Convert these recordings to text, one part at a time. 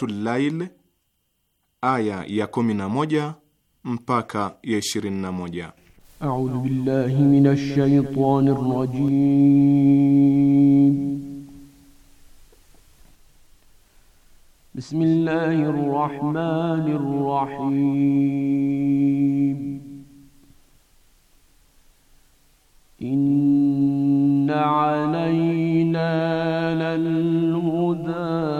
Suratul Lail aya ya kumi 11 mpaka ya 21. A'udhu billahi minash shaitanir rajim. Bismillahir rahmanir rahim. Inna alayna lal hudaa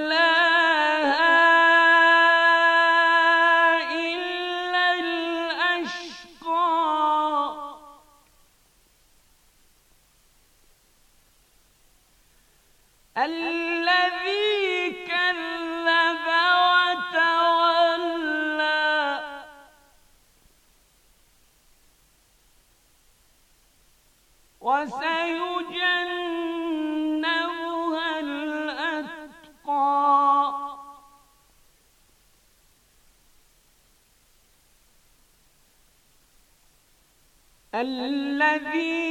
الذي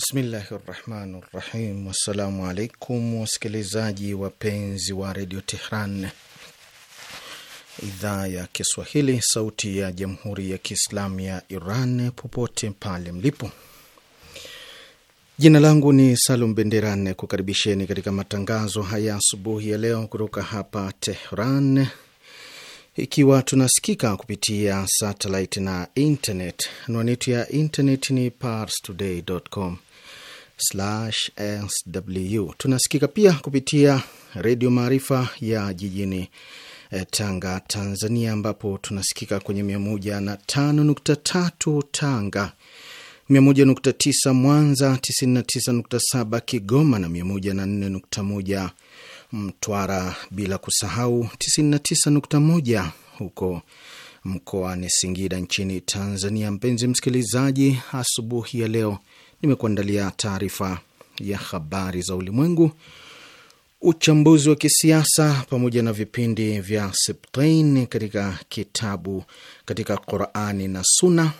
Bismillahi rahmani rahim. Wassalamu alaikum wasikilizaji wapenzi wa redio Tehran, idhaa ya Kiswahili, sauti ya jamhuri ya kiislamu ya Iran, popote pale mlipo. Jina langu ni Salum benderan kukaribisheni katika matangazo haya asubuhi ya leo kutoka hapa Tehran, ikiwa tunasikika kupitia satellite na internet. Anwani yetu ya internet ni parstoday.com sw. Tunasikika pia kupitia Redio Maarifa ya jijini eh, Tanga, Tanzania, ambapo tunasikika kwenye 105.3 Tanga, 101.9 Mwanza, 99.7 Kigoma na 104.1 Mtwara, bila kusahau 99.1 huko mkoani Singida nchini Tanzania. Mpenzi msikilizaji, asubuhi ya leo nimekuandalia taarifa ya habari za ulimwengu, uchambuzi wa kisiasa, pamoja na vipindi vya Sibtain katika kitabu katika Qurani na Suna,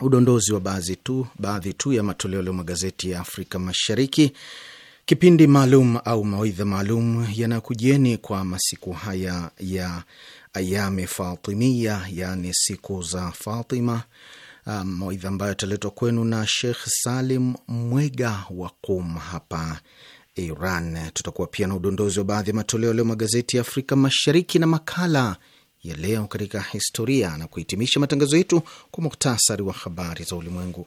udondozi wa baadhi tu baadhi tu ya matoleo leo magazeti ya Afrika Mashariki, kipindi maalum au mawaidha maalum yanayokujieni kwa masiku haya ya ayame Fatimia, yaani siku za Fatima Um, mawaidha ambayo yataletwa kwenu na Shekh Salim Mwega wa Qum hapa Iran. Tutakuwa pia na udondozi wa baadhi ya matoleo leo magazeti ya Afrika Mashariki na makala ya leo katika historia na kuhitimisha matangazo yetu kwa muktasari wa habari za ulimwengu.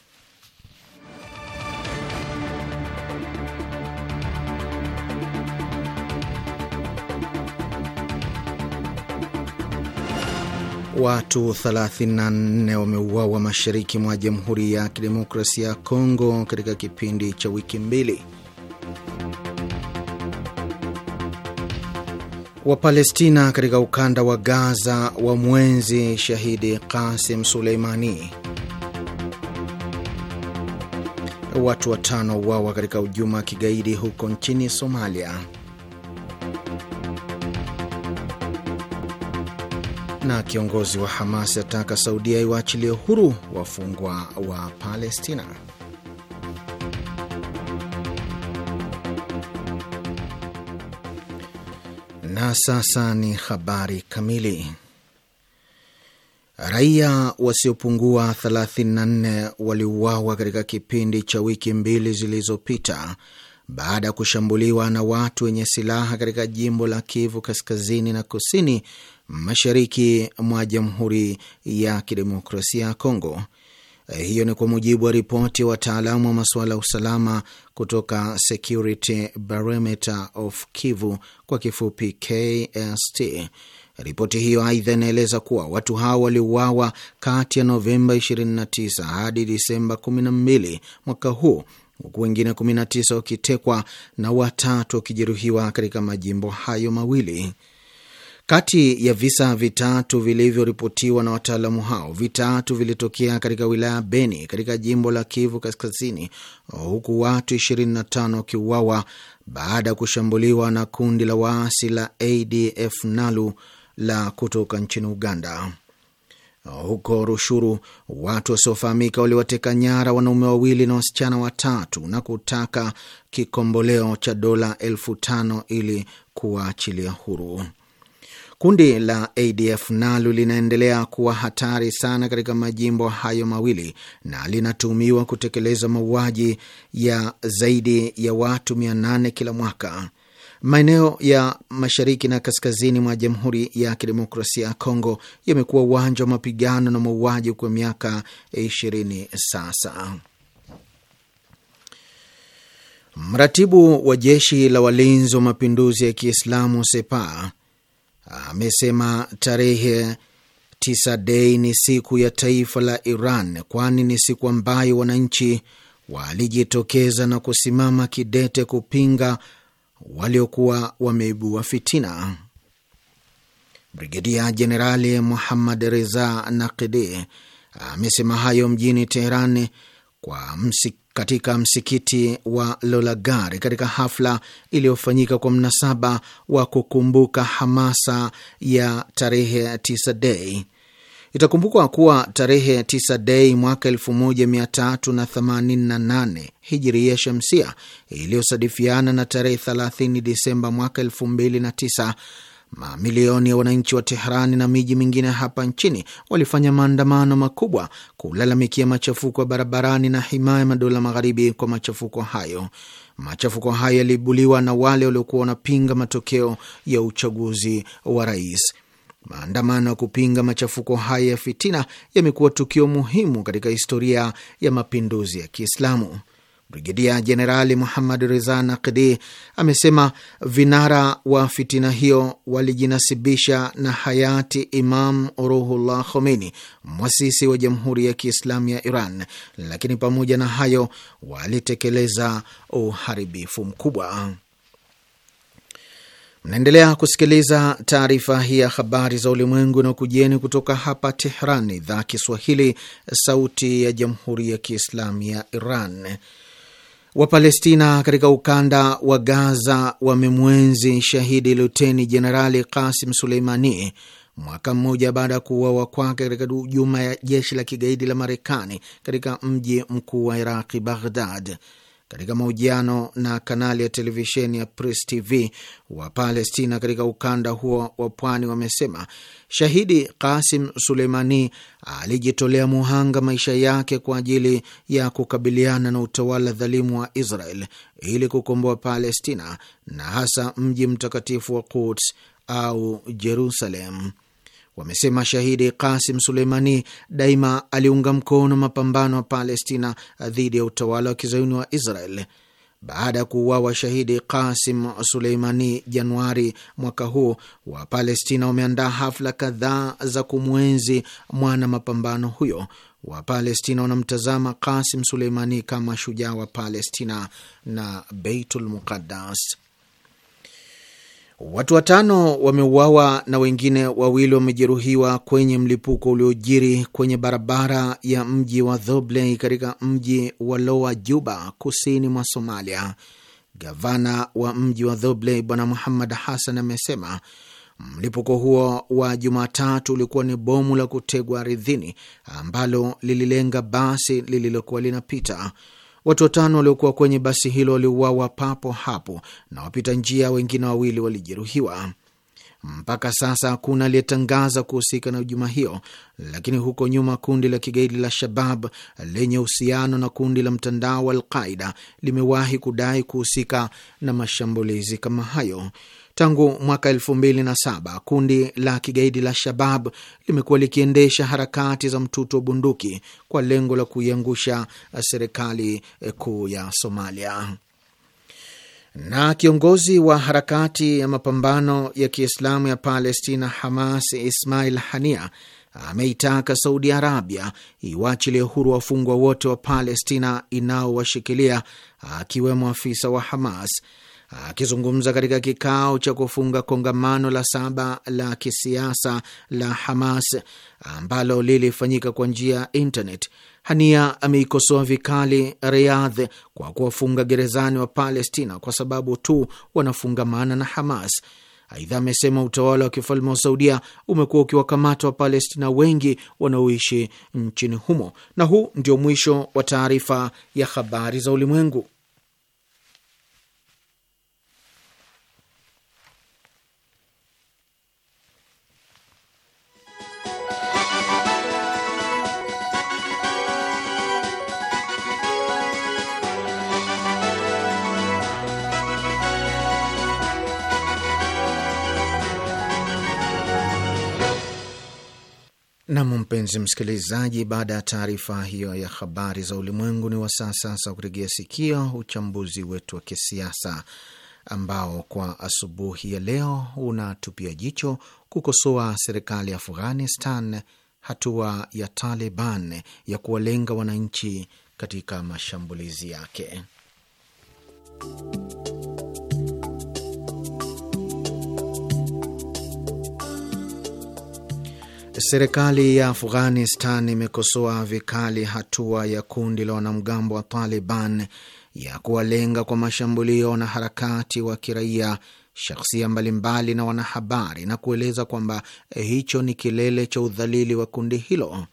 Watu 34 wameuawa mashariki mwa Jamhuri ya Kidemokrasia ya Kongo katika kipindi cha wiki mbili. Wapalestina katika ukanda wa Gaza wa mwenzi shahidi kasim Suleimani. Watu watano wauawa katika hujuma ya kigaidi huko nchini Somalia. na kiongozi wa Hamas ataka Saudia iwaachilie huru wafungwa wa Palestina. Na sasa ni habari kamili. Raia wasiopungua 34 waliuawa katika kipindi cha wiki mbili zilizopita baada ya kushambuliwa na watu wenye silaha katika jimbo la Kivu kaskazini na kusini mashariki mwa Jamhuri ya Kidemokrasia ya Kongo. Eh, hiyo ni kwa mujibu wa ripoti ya wataalamu wa masuala ya usalama kutoka Security Barometer of Kivu, kwa kifupi KST. Ripoti hiyo aidha inaeleza kuwa watu hao waliuawa kati ya Novemba 29 hadi Disemba 12 mwaka huu, huku wengine 19 wakitekwa na watatu wakijeruhiwa katika majimbo hayo mawili. Kati ya visa vitatu vilivyoripotiwa na wataalamu hao, vitatu vilitokea katika wilaya Beni katika jimbo la Kivu Kaskazini, huku watu 25 wakiuawa baada ya kushambuliwa na kundi la waasi la ADF NALU la kutoka nchini Uganda. Huko Rushuru, watu wasiofahamika waliwateka nyara wanaume wawili na wasichana watatu na kutaka kikomboleo cha dola elfu tano ili kuwaachilia huru. Kundi la ADF nalo linaendelea kuwa hatari sana katika majimbo hayo mawili na linatumiwa kutekeleza mauaji ya zaidi ya watu 800 kila mwaka. Maeneo ya mashariki na kaskazini mwa Jamhuri ya Kidemokrasia ya Kongo yamekuwa uwanja wa mapigano na mauaji kwa miaka 20 sasa. Mratibu wa jeshi la walinzi wa mapinduzi ya Kiislamu Sepah amesema tarehe tisa Dei ni siku ya taifa la Iran, kwani ni siku ambayo wananchi walijitokeza na kusimama kidete kupinga waliokuwa wameibua fitina. Brigedia Jenerali Muhammad Reza Nakidi amesema hayo mjini Teheran kwa msik katika msikiti wa Lolagari katika hafla iliyofanyika kwa mnasaba wa kukumbuka hamasa ya tarehe 9 Dei. Itakumbukwa kuwa tarehe 9 Dei mwaka 1388 hijiria shamsia iliyosadifiana na tarehe 30 Disemba mwaka 2009 Mamilioni ya wananchi wa Teherani na miji mingine hapa nchini walifanya maandamano makubwa kulalamikia machafuko ya barabarani na himaya madola magharibi kwa machafuko hayo. Machafuko hayo yaliibuliwa na wale waliokuwa wanapinga matokeo ya uchaguzi wa rais. Maandamano ya kupinga machafuko haya ya fitina yamekuwa tukio muhimu katika historia ya mapinduzi ya Kiislamu. Brigedia Jenerali Muhammad Reza Nakdi amesema vinara wa fitina hiyo walijinasibisha na hayati Imam Ruhullah Khomeini, mwasisi wa Jamhuri ya Kiislamu ya Iran, lakini pamoja na hayo walitekeleza uharibifu mkubwa. Mnaendelea kusikiliza taarifa hii ya habari za ulimwengu na kujieni kutoka hapa Tehran, idhaa Kiswahili, sauti ya Jamhuri ya Kiislamu ya Iran. Wapalestina katika ukanda wa Gaza wamemwenzi shahidi Luteni Jenerali Kasim Suleimani mwaka mmoja baada ya kuuawa kwake katika hujuma ya jeshi la kigaidi la Marekani katika mji mkuu wa Iraqi, Baghdad. Katika mahojiano na kanali ya televisheni ya Press TV, wa Palestina katika ukanda huo wa pwani wamesema shahidi Kasim Suleimani alijitolea muhanga maisha yake kwa ajili ya kukabiliana na utawala dhalimu wa Israel ili kukomboa Palestina na hasa mji mtakatifu wa Quds au Jerusalem wamesema shahidi Kasim Suleimani daima aliunga mkono mapambano ya Palestina dhidi ya utawala wa kizayuni wa Israel. Baada ya kuuawa shahidi Kasim Suleimani Januari mwaka huu, Wapalestina wameandaa hafla kadhaa za kumwenzi mwana mapambano huyo. Wapalestina wanamtazama Kasim Suleimani kama shujaa wa Palestina na Beitul Muqaddas. Watu watano wameuawa na wengine wawili wamejeruhiwa kwenye mlipuko uliojiri kwenye barabara ya mji wa Dhobley katika mji wa Loa Juba, kusini mwa Somalia. Gavana wa mji wa Dhobley Bwana Muhammad Hassan amesema mlipuko huo wa Jumatatu ulikuwa ni bomu la kutegwa ardhini ambalo lililenga basi lililokuwa linapita. Watu watano waliokuwa kwenye basi hilo waliuawa papo hapo na wapita njia wengine wawili walijeruhiwa. Mpaka sasa hakuna aliyetangaza kuhusika na hujuma hiyo, lakini huko nyuma kundi la kigaidi la Shabab lenye uhusiano na kundi la mtandao wa Alqaida limewahi kudai kuhusika na mashambulizi kama hayo. Tangu mwaka elfu mbili na saba kundi la kigaidi la Shabab limekuwa likiendesha harakati za mtutu wa bunduki kwa lengo la kuiangusha serikali eh, kuu ya Somalia. Na kiongozi wa harakati ya mapambano ya Kiislamu ya Palestina Hamas Ismail Hania ameitaka Saudi Arabia iwachilie huru wafungwa wote wa Palestina inaowashikilia akiwemo afisa wa Hamas Akizungumza katika kikao cha kufunga kongamano la saba la kisiasa la Hamas ambalo lilifanyika kwa njia ya internet, Hania ameikosoa vikali Riyadh kwa kuwafunga gerezani wa Palestina kwa sababu tu wanafungamana na Hamas. Aidha, amesema utawala wa kifalme wa Saudia umekuwa ukiwakamata Wapalestina wengi wanaoishi nchini humo. Na huu ndio mwisho wa taarifa ya habari za ulimwengu. Nam, mpenzi msikilizaji, baada ya taarifa hiyo ya habari za ulimwengu, ni wasaa sasa wa kuregea sikio uchambuzi wetu wa kisiasa ambao kwa asubuhi ya leo unatupia jicho kukosoa serikali ya Afghanistan, hatua ya Taliban ya kuwalenga wananchi katika mashambulizi yake. Serikali ya Afghanistan imekosoa vikali hatua ya kundi la wanamgambo wa Taliban ya kuwalenga kwa mashambulio na harakati wa kiraia, shakhsia mbalimbali na wanahabari, na kueleza kwamba hicho ni kilele cha udhalili wa kundi hilo.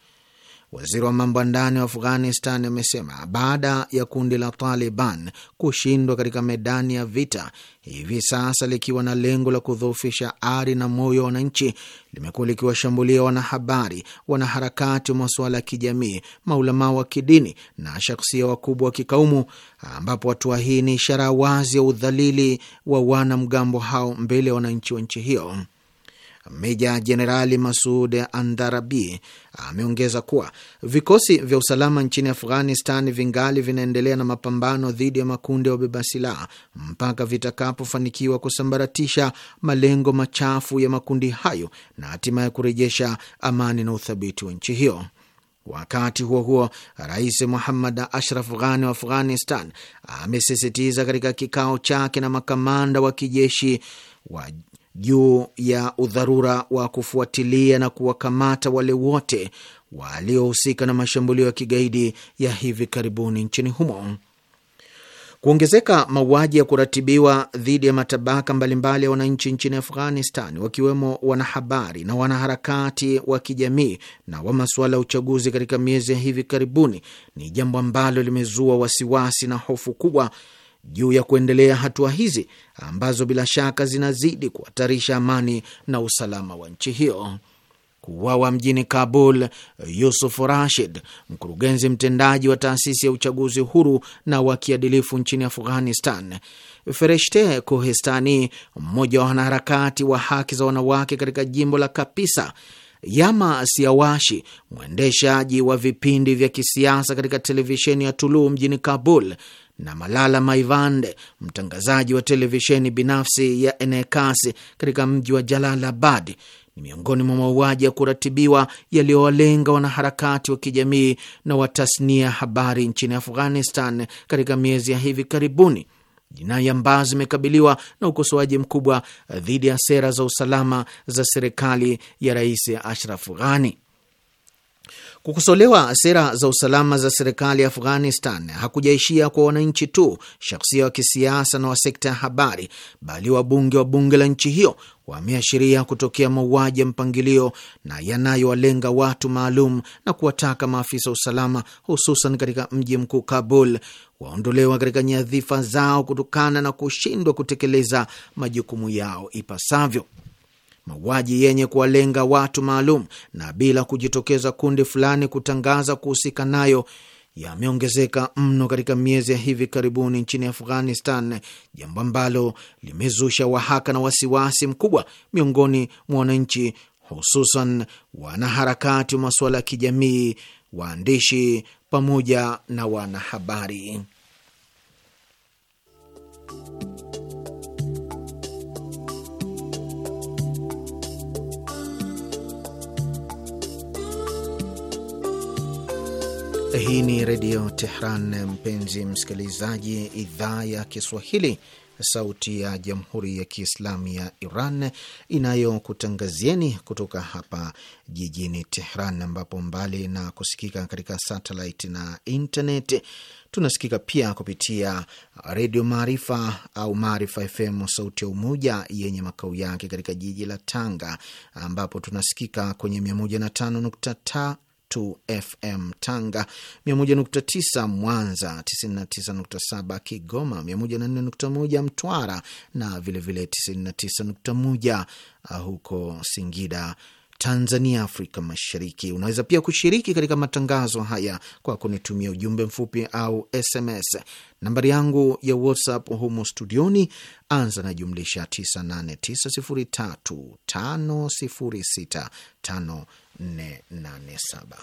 Waziri wa mambo ya ndani wa Afghanistan amesema baada ya kundi la Taliban kushindwa katika medani ya vita, hivi sasa likiwa na lengo la kudhoofisha ari na moyo wa wananchi, limekuwa likiwashambulia wanahabari, wanaharakati wa masuala ya kijamii, maulamaa wa kidini na shaksia wakubwa wa kikaumu, ambapo hatua hii ni ishara wazi ya udhalili wa wanamgambo hao mbele ya wananchi wa nchi hiyo. Meja Jenerali Masud Andarabi ameongeza kuwa vikosi vya usalama nchini Afghanistan vingali vinaendelea na mapambano dhidi ya makundi ya wabeba silaha mpaka vitakapofanikiwa kusambaratisha malengo machafu ya makundi hayo na hatimaye kurejesha amani na uthabiti wa nchi hiyo. Wakati huo huo, Rais Muhammad Ashraf Ghani wa Afghanistan amesisitiza katika kikao chake na makamanda wa kijeshi wa juu ya udharura wa kufuatilia na kuwakamata wale wote waliohusika na mashambulio ya kigaidi ya hivi karibuni nchini humo. Kuongezeka mauaji ya kuratibiwa dhidi ya matabaka mbalimbali ya wananchi nchini Afghanistan, wakiwemo wanahabari na wanaharakati wa kijamii na wa masuala ya uchaguzi katika miezi ya hivi karibuni, ni jambo ambalo limezua wasiwasi na hofu kubwa juu ya kuendelea hatua hizi ambazo bila shaka zinazidi kuhatarisha amani na usalama wa nchi hiyo. Kuuawa mjini Kabul Yusuf Rashid, mkurugenzi mtendaji wa taasisi ya uchaguzi huru na wa kiadilifu nchini Afghanistan. Fereshte Kohestani, mmoja wa wanaharakati wa haki za wanawake katika jimbo la Kapisa. Yama Siawashi, mwendeshaji wa vipindi vya kisiasa katika televisheni ya Tulu mjini Kabul, na Malala Maivande, mtangazaji wa televisheni binafsi ya Enekasi katika mji wa Jalalabad ni miongoni mwa mauaji ya kuratibiwa yaliyowalenga wanaharakati wa kijamii na watasnia habari nchini Afghanistan katika miezi ya hivi karibuni, jinai ambazo zimekabiliwa na ukosoaji mkubwa dhidi ya sera za usalama za serikali ya Rais Ashraf Ghani. Kukosolewa sera za usalama za serikali ya Afghanistan hakujaishia kwa wananchi tu, shakhsia wa kisiasa na wa sekta ya habari, bali wabunge wa bunge la nchi hiyo wameashiria kutokea mauaji ya mpangilio na yanayowalenga watu maalum na kuwataka maafisa wa usalama, hususan katika mji mkuu Kabul, waondolewa katika nyadhifa zao kutokana na kushindwa kutekeleza majukumu yao ipasavyo mauaji yenye kuwalenga watu maalum na bila kujitokeza kundi fulani kutangaza kuhusika nayo yameongezeka mno katika miezi ya hivi karibuni nchini Afghanistan, jambo ambalo limezusha wahaka na wasiwasi mkubwa miongoni mwa wananchi, hususan wanaharakati wa masuala ya kijamii, waandishi pamoja na wanahabari. Hii ni Redio Tehran, mpenzi msikilizaji, idhaa ya Kiswahili, sauti ya Jamhuri ya Kiislamu ya Iran inayokutangazieni kutoka hapa jijini Tehran, ambapo mbali na kusikika katika satellite na internet tunasikika pia kupitia Redio Maarifa au Maarifa FM, sauti ya Umoja, yenye makao yake katika jiji la Tanga, ambapo tunasikika kwenye 105 FM Tanga, 101.9 Mwanza, 99.7 Kigoma, 104.1 Mtwara na vilevile 99.1 uh, huko Singida, Tanzania, Afrika Mashariki. Unaweza pia kushiriki katika matangazo haya kwa kunitumia ujumbe mfupi au SMS. Nambari yangu ya WhatsApp humo studioni, anza na jumlisha 9890350654 487.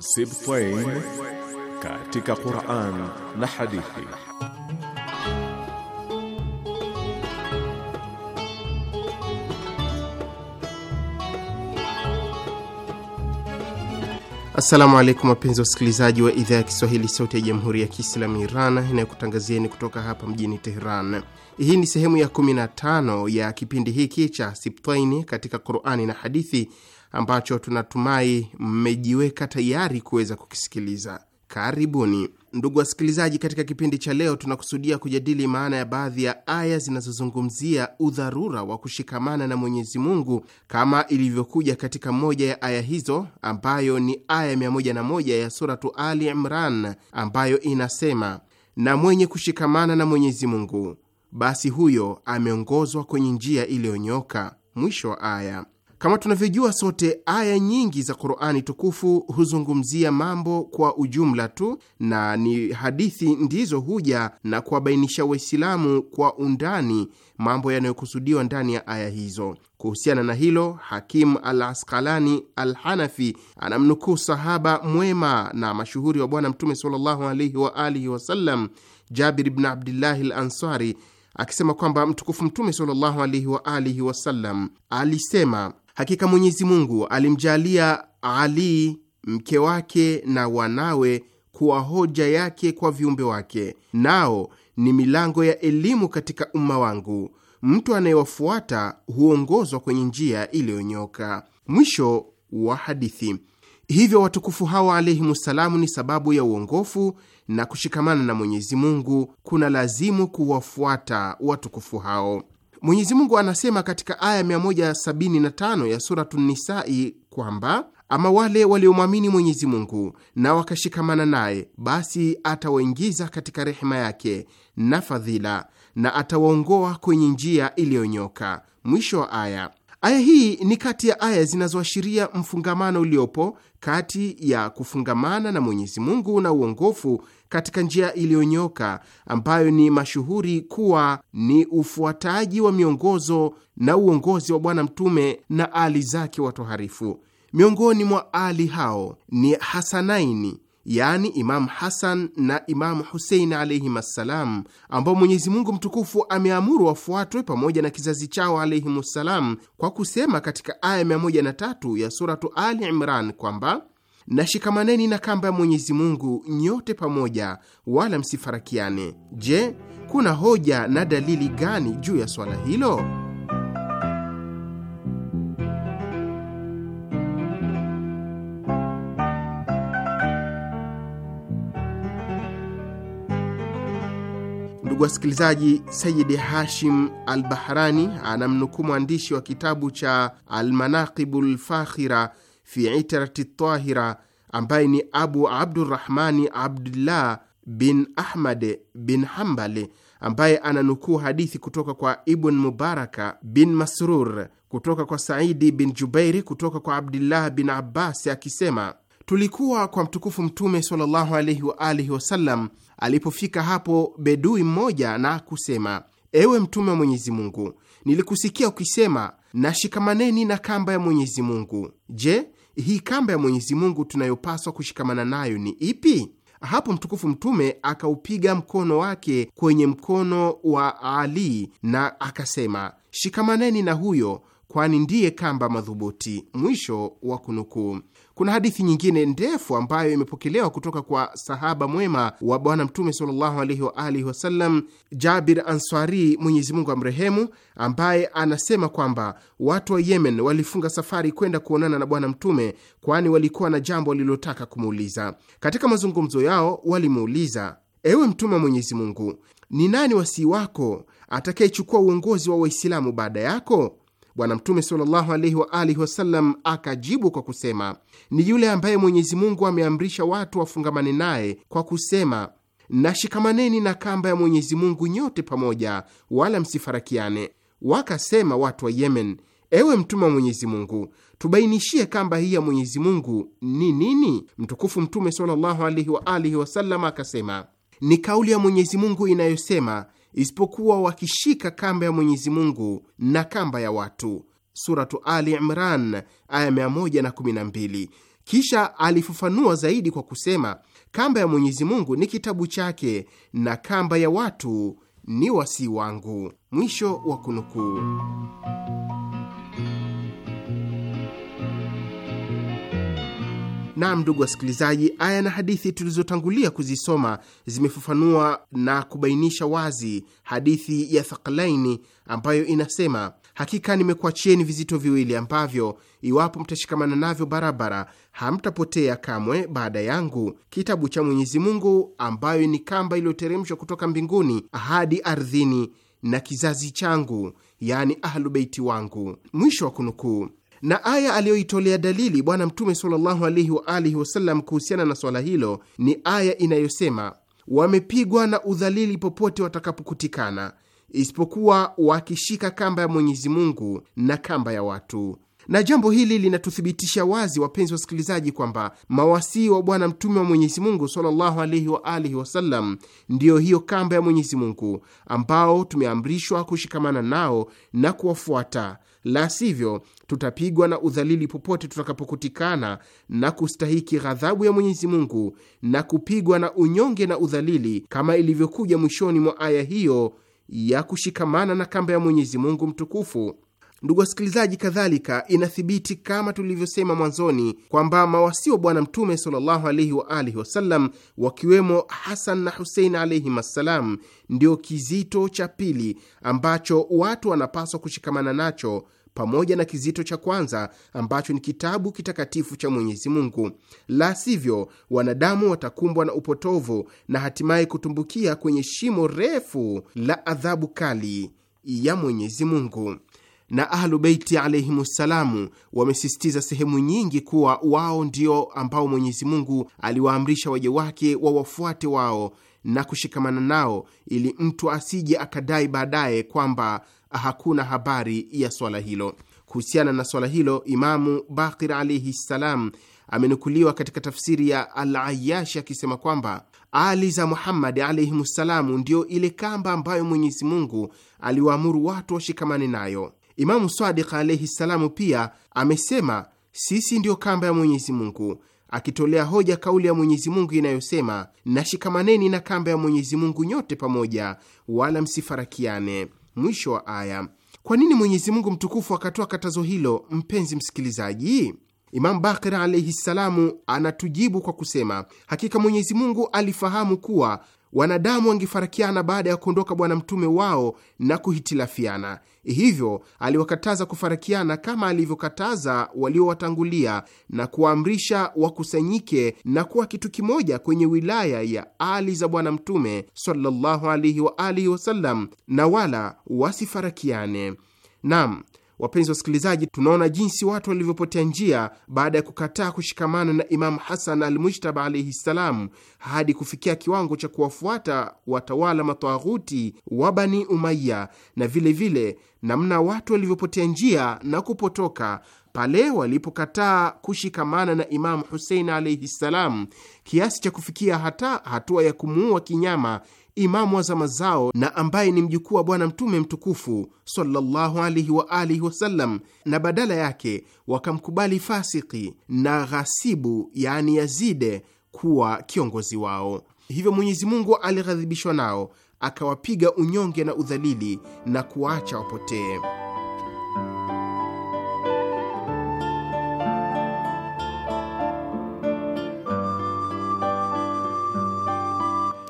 Sibtain katika Qur'an na hadithi. Assalamu alaikum wapenzi wa usikilizaji wa idhaa ya Kiswahili sauti ya jamhuri ya Kiislamu Iran inayokutangazieni kutoka hapa mjini Teheran. Hii ni sehemu ya 15 ya kipindi hiki cha Siptaini katika Qurani na Hadithi ambacho tunatumai mmejiweka tayari kuweza kukisikiliza. Karibuni. Ndugu wasikilizaji, katika kipindi cha leo tunakusudia kujadili maana ya baadhi ya aya zinazozungumzia udharura wa kushikamana na Mwenyezi Mungu kama ilivyokuja katika moja ya aya hizo ambayo ni aya 101 ya suratu Ali Imran ambayo inasema, na mwenye kushikamana na Mwenyezi Mungu basi huyo ameongozwa kwenye njia iliyonyoka. Mwisho wa aya. Kama tunavyojua sote, aya nyingi za Qur'ani tukufu huzungumzia mambo kwa ujumla tu, na ni hadithi ndizo huja na kuwabainisha Waislamu kwa undani mambo yanayokusudiwa ndani ya aya hizo. Kuhusiana na hilo, Hakim al Asqalani al Hanafi anamnukuu sahaba mwema na mashuhuri wa Bwana Mtume sallallahu alaihi wa alihi wasallam Jabir bn Abdillahi al Ansari akisema kwamba mtukufu Mtume sallallahu alaihi wa alihi wasallam alisema Hakika Mwenyezi Mungu alimjalia Ali mke wake na wanawe kuwa hoja yake kwa viumbe wake, nao ni milango ya elimu katika umma wangu. Mtu anayewafuata huongozwa kwenye njia iliyonyoka. Mwisho wa hadithi. Hivyo watukufu hawa salamu ni sababu ya uongofu na kushikamana na Mwenyezi Mungu kuna lazimu kuwafuata watukufu hao. Mwenyezi Mungu anasema katika aya 175 ya Suratu Nisai kwamba ama wale waliomwamini Mwenyezi Mungu na wakashikamana naye, basi atawaingiza katika rehema yake na fadhila na atawaongoa kwenye njia iliyonyoka. Mwisho wa aya. Aya hii ni kati ya aya zinazoashiria mfungamano uliopo kati ya kufungamana na Mwenyezi Mungu na uongofu katika njia iliyonyoka ambayo ni mashuhuri kuwa ni ufuataji wa miongozo na uongozi wa Bwana Mtume na ali zake watoharifu. Miongoni mwa ali hao ni Hasanaini, yani Imamu Hasan na Imamu Husein alaihim assalam, ambao Mwenyezi Mungu mtukufu ameamuru wafuatwe pamoja na kizazi chao alaihim assalam, kwa kusema katika aya 103 ya Suratu Ali Imran kwamba na shikamaneni na kamba ya Mwenyezi Mungu nyote pamoja, wala msifarakiane. Je, kuna hoja na dalili gani juu ya swala hilo? Ndugu wasikilizaji, Sayidi Hashim Al Bahrani anamnukuu mwandishi wa kitabu cha Almanaqibu Lfakhira fi itrati tahira ambaye ni Abu Abdurrahmani Abdullah bin Ahmad bin Hambali ambaye ananukuu hadithi kutoka kwa Ibn Mubaraka bin Masrur kutoka kwa Saidi bin Jubairi kutoka kwa abdullah bin Abbas akisema tulikuwa kwa mtukufu Mtume sallallahu alaihi wa alihi wasallam alipofika hapo bedui mmoja na kusema, ewe Mtume wa Mwenyezi Mungu, nilikusikia ukisema nashikamaneni na kamba ya Mwenyezi Mungu. Je, hii kamba ya Mwenyezi Mungu tunayopaswa kushikamana nayo ni ipi? Hapo mtukufu Mtume akaupiga mkono wake kwenye mkono wa Ali na akasema, shikamaneni na huyo kwani ndiye kamba madhubuti. Mwisho wa kunukuu. Kuna hadithi nyingine ndefu ambayo imepokelewa kutoka kwa sahaba mwema wa Bwana Mtume sallallahu alaihi wa alihi wasallam, Jabir Answari, Mwenyezi Mungu amrehemu, ambaye anasema kwamba watu wa Yemen walifunga safari kwenda kuonana na Bwana Mtume, kwani walikuwa na jambo walilotaka kumuuliza. Katika mazungumzo yao walimuuliza, ewe Mtume wa Mwenyezi Mungu, ni nani wasii wako atakayechukua uongozi wa Waislamu baada yako? Bwana Mtume sallallahu alaihi wa alihi wasallam akajibu kwa kusema, ni yule ambaye Mwenyezi Mungu ameamrisha watu wafungamane naye kwa kusema, nashikamaneni na kamba ya Mwenyezi Mungu nyote pamoja, wala msifarakiane. Wakasema watu wa Yemen, ewe Mtume wa Mwenyezi Mungu, tubainishie kamba hii ya Mwenyezi Mungu ni nini? Mtukufu Mtume sallallahu alaihi wa alihi wasallam akasema, ni kauli ya Mwenyezi Mungu inayosema isipokuwa wakishika kamba ya Mwenyezi Mungu na kamba ya watu. Suratu Ali Imran aya Kisha alifafanua zaidi kwa kusema, kamba ya Mwenyezi Mungu ni kitabu chake na kamba ya watu ni wasii wangu. Mwisho wa kunukuu. Na ndugu wasikilizaji, aya na hadithi tulizotangulia kuzisoma zimefafanua na kubainisha wazi hadithi ya thaklaini ambayo inasema, hakika nimekuachieni vizito viwili ambavyo iwapo mtashikamana navyo barabara hamtapotea kamwe baada yangu, kitabu cha Mwenyezi Mungu ambayo ni kamba iliyoteremshwa kutoka mbinguni hadi ardhini na kizazi changu, yani ahlubeiti wangu. Mwisho wa kunukuu na aya aliyoitolea dalili Bwana Mtume sallallahu alaihi wa alihi wasallam kuhusiana na swala hilo ni aya inayosema, wamepigwa na udhalili popote watakapokutikana, isipokuwa wakishika kamba ya Mwenyezi Mungu na kamba ya watu. Na jambo hili linatuthibitisha wazi, wapenzi wasikilizaji, kwamba mawasii wa Bwana Mtume wa Mwenyezi Mungu sallallahu alaihi wa alihi wasallam ndiyo hiyo kamba ya Mwenyezi Mungu ambao tumeamrishwa kushikamana nao na kuwafuata la sivyo tutapigwa na udhalili popote tutakapokutikana na kustahiki ghadhabu ya Mwenyezi Mungu na kupigwa na unyonge na udhalili, kama ilivyokuja mwishoni mwa aya hiyo ya kushikamana na kamba ya Mwenyezi Mungu mtukufu Ndugu wasikilizaji, kadhalika inathibiti kama tulivyosema mwanzoni kwamba mawasi wa Bwana Mtume sallallahu alaihi wa alihi wasallam wakiwemo Hasan na Husein alaihim assalam ndio kizito cha pili ambacho watu wanapaswa kushikamana nacho pamoja na kizito cha kwanza ambacho ni kitabu kitakatifu cha Mwenyezi Mungu, la sivyo wanadamu watakumbwa na upotovu na hatimaye kutumbukia kwenye shimo refu la adhabu kali ya Mwenyezi Mungu na Ahlu Beiti ssalamu wamesisitiza sehemu nyingi kuwa wao ndio ambao Mwenyezi Mungu aliwaamrisha waja wake wawafuate wao na kushikamana nao ili mtu asije akadai baadaye kwamba hakuna habari ya swala hilo. Kuhusiana na swala hilo, Imamu Bakir alaihi ssalam amenukuliwa katika tafsiri ya Al-Ayashi akisema kwamba ali za Muhammadi ssalamu ndiyo ile kamba ambayo Mwenyezi Mungu aliwaamuru watu washikamane nayo. Imamu Sadiq alaihi ssalamu pia amesema sisi ndiyo kamba ya Mwenyezi Mungu, akitolea hoja kauli ya Mwenyezi Mungu inayosema, nashikamaneni na kamba ya Mwenyezi Mungu nyote pamoja, wala msifarakiane. Mwisho wa aya. Kwa nini Mwenyezi Mungu mtukufu akatoa katazo hilo, mpenzi msikilizaji? Imamu Bakir alaihi ssalamu anatujibu kwa kusema, hakika Mwenyezi Mungu alifahamu kuwa wanadamu wangefarakiana baada ya kuondoka bwana mtume wao na kuhitilafiana. Hivyo aliwakataza kufarakiana kama alivyokataza waliowatangulia na kuwaamrisha wakusanyike na kuwa kitu kimoja kwenye wilaya ya ali za bwana mtume sallallahu alihi wa alihi wasallam, na wala wasifarakiane. Naam, Wapenzi wasikilizaji, tunaona jinsi watu walivyopotea njia baada ya kukataa kushikamana na Imamu Hasan al Mujtaba alaihi ssalam, hadi kufikia kiwango cha kuwafuata watawala matwaghuti wa Bani Umaya, na vilevile vile, namna watu walivyopotea njia na kupotoka pale walipokataa kushikamana na Imamu Husein alaihi ssalam, kiasi cha kufikia hata hatua ya kumuua kinyama imamu wa zama zao na ambaye ni mjukuu wa Bwana Mtume mtukufu sallallahu wa alihi wasallam, na badala yake wakamkubali fasiki na ghasibu, yani Yazide, kuwa kiongozi wao. Hivyo Mwenyezi Mungu alighadhibishwa nao akawapiga unyonge na udhalili na kuwaacha wapotee.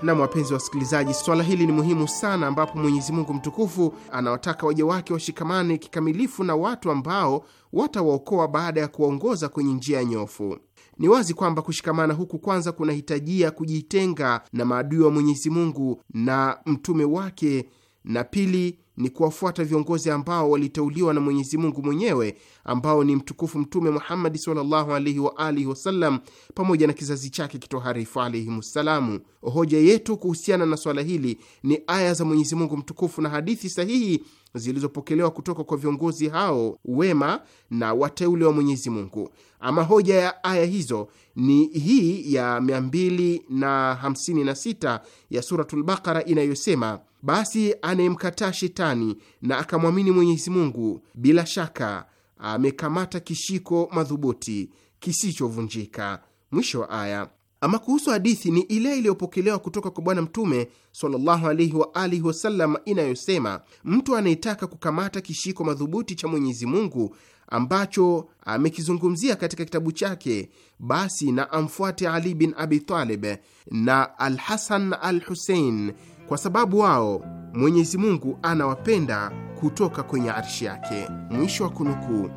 Nam, wapenzi wa wasikilizaji, swala hili ni muhimu sana, ambapo Mwenyezi Mungu mtukufu anawataka waja wake washikamane kikamilifu na watu ambao watawaokoa baada ya kuwaongoza kwenye njia ya nyofu. Ni wazi kwamba kushikamana huku kwanza kunahitajia kujitenga na maadui wa Mwenyezi Mungu na mtume wake, na pili ni kuwafuata viongozi ambao waliteuliwa na Mwenyezi Mungu mwenyewe ambao ni mtukufu Mtume Muhammadi sallallahu alaihi wa alihi wasallam pamoja na kizazi chake kitoharifu alaihimussalamu. Hoja yetu kuhusiana na swala hili ni aya za Mwenyezi Mungu mtukufu na hadithi sahihi zilizopokelewa kutoka kwa viongozi hao wema na wateule wa Mwenyezi Mungu. Ama hoja ya aya hizo ni hii ya 256 ya Suratul Baqara inayosema basi anayemkataa shetani na akamwamini Mwenyezi Mungu, bila shaka amekamata kishiko madhubuti kisichovunjika. Mwisho wa aya. Ama kuhusu hadithi ni ile iliyopokelewa kutoka kwa Bwana Mtume sallallahu alaihi wa alihi wasallam inayosema, mtu anayetaka kukamata kishiko madhubuti cha Mwenyezi Mungu ambacho amekizungumzia katika kitabu chake, basi na amfuate Ali bin Abi Talib na Al Hasan Al Husein kwa sababu wao Mwenyezi Mungu anawapenda kutoka kwenye arshi yake. Mwisho wa kunukuu.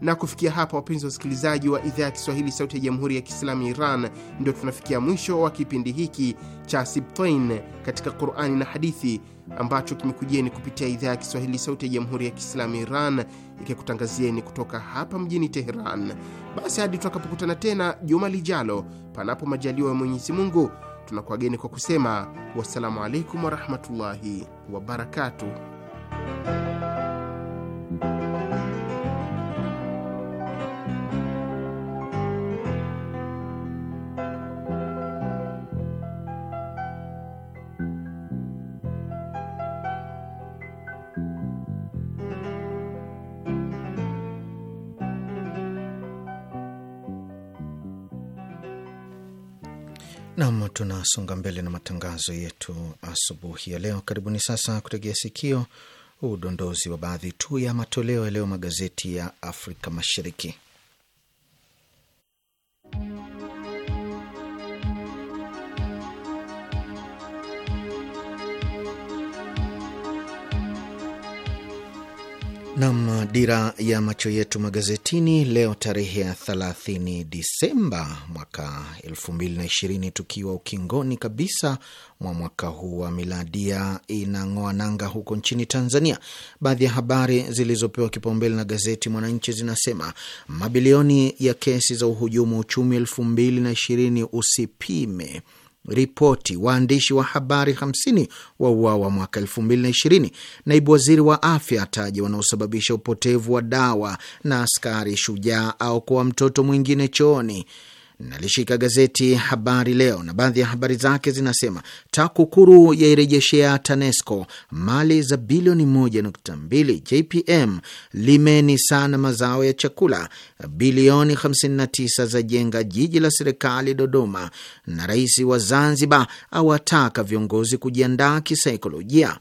Na kufikia hapa, wapenzi wa wasikilizaji wa idhaa ya Kiswahili, Sauti ya Jamhuri ya Kiislamu ya Iran, ndio tunafikia mwisho wa kipindi hiki cha Sibtain katika Qurani na Hadithi ambacho kimekujieni kupitia idhaa ya Kiswahili, Sauti ya Jamhuri ya Kiislamu ya Iran, ikikutangazieni kutoka hapa mjini Teheran. Basi hadi tutakapokutana tena juma lijalo panapo majaliwa ya Mwenyezi Mungu, tunakuwageni kwa kusema wassalamu alaikum warahmatullahi wabarakatuh. Nam, tunasonga mbele na matangazo yetu asubuhi ya leo. Karibuni sasa kutegea sikio udondozi wa baadhi tu ya matoleo ya leo magazeti ya Afrika Mashariki. Nam, dira ya macho yetu magazetini leo tarehe ya 30 Disemba mwaka 2020, tukiwa ukingoni kabisa mwa mwaka huu wa miladia, inang'oa nanga huko nchini Tanzania. Baadhi ya habari zilizopewa kipaumbele na gazeti Mwananchi zinasema mabilioni ya kesi za uhujumu uchumi 2020 usipime ripoti waandishi wa habari 50 wa uawa mwaka 2020. Naibu waziri wa afya ataja wanaosababisha upotevu wa dawa, na askari shujaa au kuwa mtoto mwingine chooni nalishika gazeti Habari Leo na baadhi ya habari zake zinasema: TAKUKURU yairejeshea TANESCO mali za bilioni 1.2, JPM limeni sana mazao ya chakula bilioni 59 za jenga jiji la serikali Dodoma, na rais wa Zanzibar awataka viongozi kujiandaa kisaikolojia